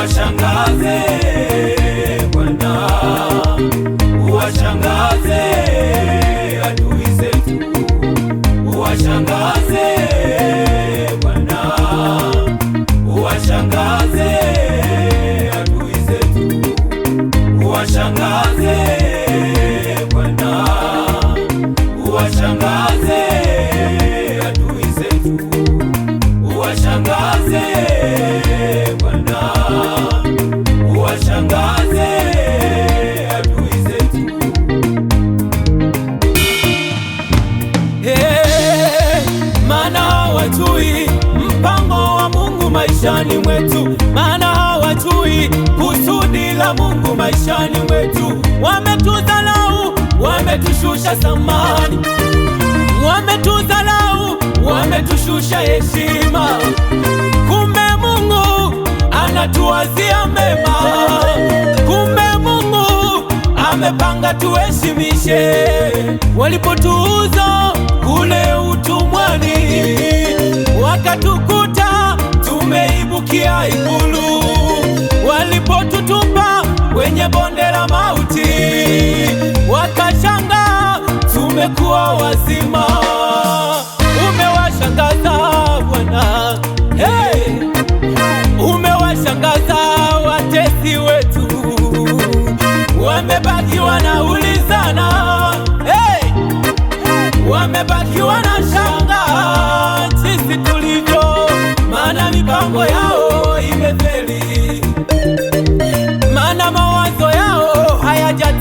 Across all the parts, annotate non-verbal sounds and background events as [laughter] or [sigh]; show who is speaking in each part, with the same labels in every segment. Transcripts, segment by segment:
Speaker 1: uwashangaze Bwana, uwashangaze adui zetu, uwashangaze Bwana, uwashangaze adui zetu, uwashangaze
Speaker 2: maishani mwetu, maana hawajui kusudi la Mungu maishani mwetu. Wametudhalau, wametushusha thamani, wametudhalau, wametushusha heshima. Kumbe Mungu anatuwazia mema, kumbe Mungu amepanga tuheshimishe walipotuuza tulipoingia Ikulu, walipotutupa kwenye bonde la mauti, wakashangaa tumekuwa wazima.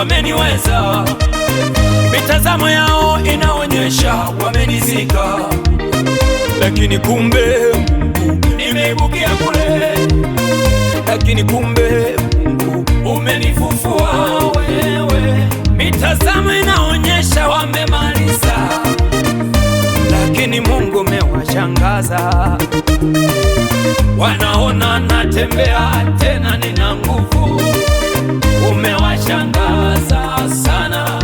Speaker 2: wameniweza, mitazamo yao inaonyesha wamenizika, lakini kumbe Mungu nimeibukia kule, lakini kumbe Mungu umenifufua wewe. Mitazamo inaonyesha wamemaliza, lakini Mungu mewashangaza wanaona natembea tena, nina nguvu umewashangaza sana.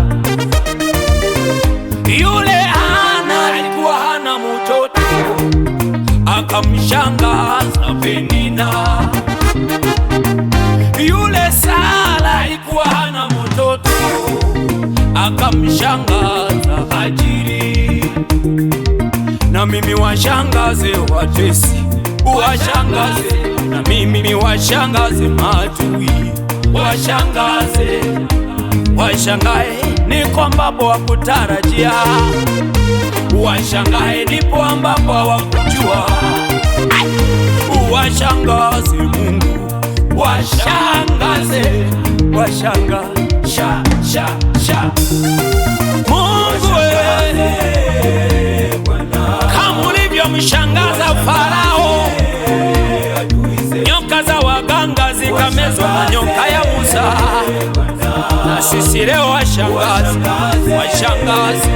Speaker 2: Yule Hana alikuwa hana mtoto, akamshangaza Penina. Yule Sara alikuwa hana mtoto, akamshangaza Hajiri. Na mimi washangaze watesi, washangaze na mimi washangaze matui washangaze washangae ni kwamba wakutarajia washangae ndipo ambapo hawakujua, washangaze Mungu, washangaze washanga
Speaker 3: sha sha sha
Speaker 2: sisi leo washangazi, washangazi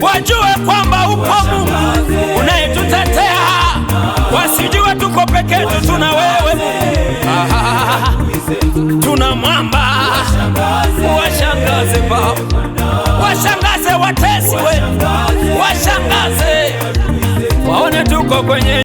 Speaker 2: wajue kwamba upo Mungu unayetutetea, wasijue tuko peke yetu, tuna wewe, [laughs] tuna mwamba. Washangaze Baba, washangaze watesi wetu, washangaze waone tuko kwenye